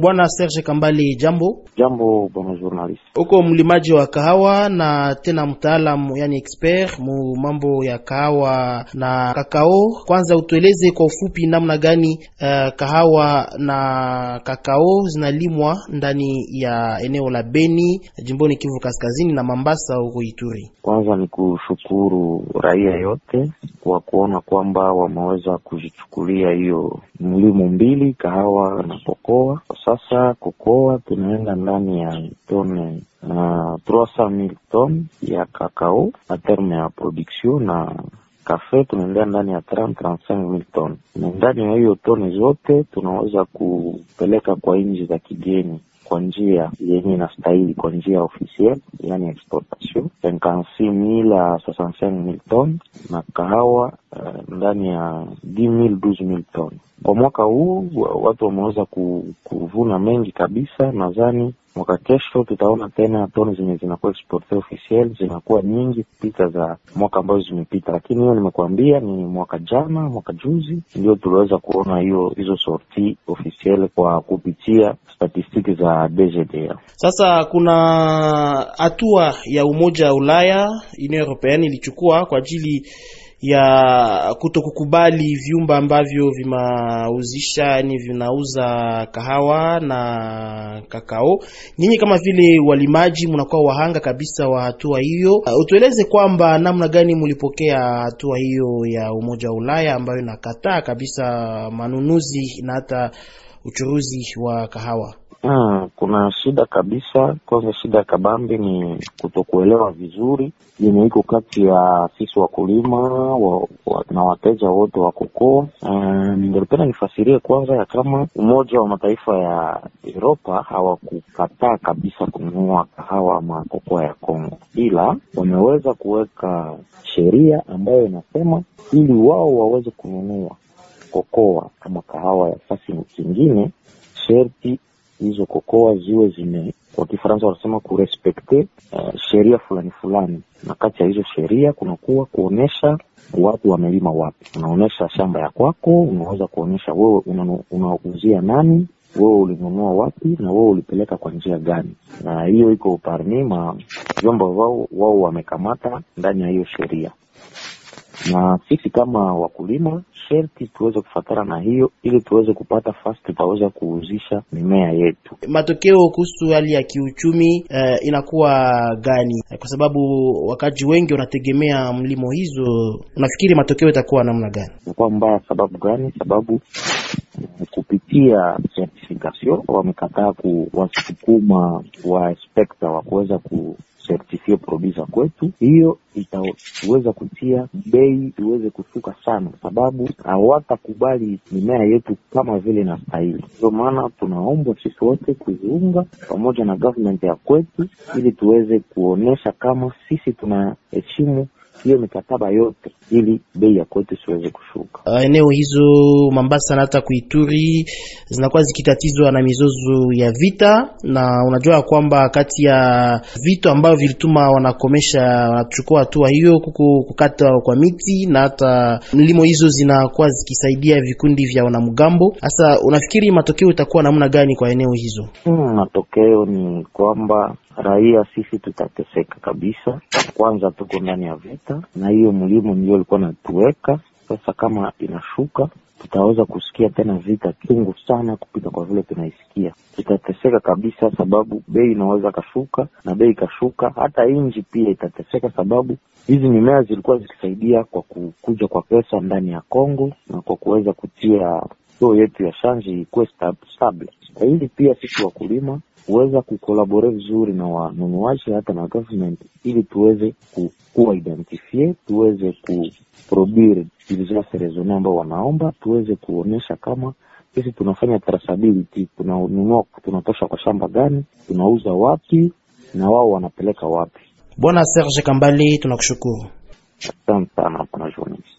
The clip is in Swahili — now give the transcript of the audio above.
Bwana Serge Kambale, jambo jambo. Bwana journalist, uko mlimaji wa kahawa na tena mtaalamu yani expert mu mambo ya kahawa na kakao. Kwanza utueleze kwa ufupi namna gani uh, kahawa na kakao zinalimwa ndani ya eneo la Beni jimboni Kivu Kaskazini na Mambasa huko Ituri. Kwanza ni kushukuru raia yote kwa kuona kwamba wameweza kujichukulia hiyo mlimo mbili kahawa na pokoa sasa kokoa tunaenda ndani ya tone uh, 300000 ton ya kakao na terme ya production na kafe tunaendea ndani ya 30 35000 ton, na ndani ya hiyo tone zote tunaweza kupeleka kwa nchi za kigeni kwa njia yenye inastahili, kwa njia ofisiel, yani exportation 56000 ton na kahawa uh, ndani ya 10000 12000 ton. Kwa mwaka huu watu wameweza kuvuna mengi kabisa, nadhani Mwaka kesho tutaona tena toni zenye zinakuwa exporte officiel zinakuwa nyingi kupita za mwaka ambazo zimepita, lakini hiyo nimekuambia ni mwaka jana, mwaka juzi ndio tuliweza kuona hiyo hizo sorti officiel kwa kupitia statistiki za DGDA. Sasa kuna hatua ya Umoja wa Ulaya Union Europeenne ilichukua kwa ajili ya kutokukubali vyumba ambavyo vimauzisha yani vinauza kahawa na kakao. Nyinyi kama vile walimaji mnakuwa wahanga kabisa wa hatua hiyo, uh, utueleze kwamba namna gani mlipokea hatua hiyo ya Umoja wa Ulaya ambayo inakataa kabisa manunuzi na hata uchuruzi wa kahawa? Ah, kuna shida kabisa. Kwanza shida ya kabambi ni kutokuelewa vizuri yenye iko kati ya sisi wakulima wa, wa, na wateja wote wa kokoo. Eh, Ningelipenda nifasirie kwanza ya kama Umoja wa Mataifa ya Uropa hawakukataa kabisa kununua kahawa ama kokoa ya Kongo, ila wameweza kuweka sheria ambayo inasema ili wao waweze kununua kokoa ama kahawa ya fasi kingine sherti hizo kokoa ziwe zime, kwa Kifaransa wanasema kurespekte uh, eh, sheria fulani fulani, na kati ya hizo sheria kunakuwa kuonyesha watu wamelima wapi. Unaonyesha shamba ya kwako, unaweza kuonyesha wewe unauzia nani wewe ulinunua wapi na wewe ulipeleka kwa njia gani, na hiyo iko parmi ma vyombo vao wao wamekamata ndani ya hiyo sheria. Na sisi kama wakulima sherti tuweze kufatana na hiyo, ili tuweze kupata fasi tutaweza kuuzisha mimea yetu. Matokeo kuhusu hali ya kiuchumi uh, inakuwa gani? Kwa sababu wakaji wengi wanategemea mlimo hizo, unafikiri matokeo itakuwa namna gani? Itakuwa mbaya. Sababu gani? Sababu eh, kupitia certification wamekataa kuwasukuma waspekta wa kuweza ku isiyoprodusa kwetu, hiyo itaweza kutia bei iweze kushuka sana, sababu hawatakubali mimea yetu kama vile inastahili. Ndio maana tunaombwa sisi wote kuziunga pamoja na government ya kwetu, ili tuweze kuonyesha kama sisi tunaheshimu hiyo mikataba yote ili bei ya kote siweze kushuka. Uh, eneo hizo Mambasa na hata Kuituri zinakuwa zikitatizwa na mizozo ya vita, na unajua kwamba kati ya vitu ambavyo vilituma wanakomesha wanachukua hatua hiyo kuko kukata kwa miti na hata mlimo hizo zinakuwa zikisaidia vikundi vya wanamgambo. Sasa unafikiri matokeo itakuwa namna gani kwa eneo hizo? Hmm, matokeo ni kwamba raia sisi tutateseka kabisa. Kwanza tuko ndani ya vita, na hiyo mlimo ndio ilikuwa natuweka sasa. Kama inashuka, tutaweza kusikia tena vita chungu sana kupita kwa vile tunaisikia. Tutateseka kabisa, sababu bei inaweza kashuka, na bei ikashuka, hata inji pia itateseka, sababu hizi mimea zilikuwa zikisaidia kwa kukuja kwa pesa ndani ya Kongo na kwa kuweza kutia soo yetu ya shanji ikuwe stable. Hili pia sisi wakulima kuweza kukolabore vizuri na wanunuaji hata na government, ili tuweze kuwa identifie, tuweze kuproduire diligence raisonne ambao wanaomba, tuweze kuonyesha kama sisi tunafanya traceability, tunanunua tunatosha kwa shamba gani, tunauza wapi na wao wanapeleka wapi. Bwana Serge Kambali, tunakushukuru. Asante sana bwana journalist.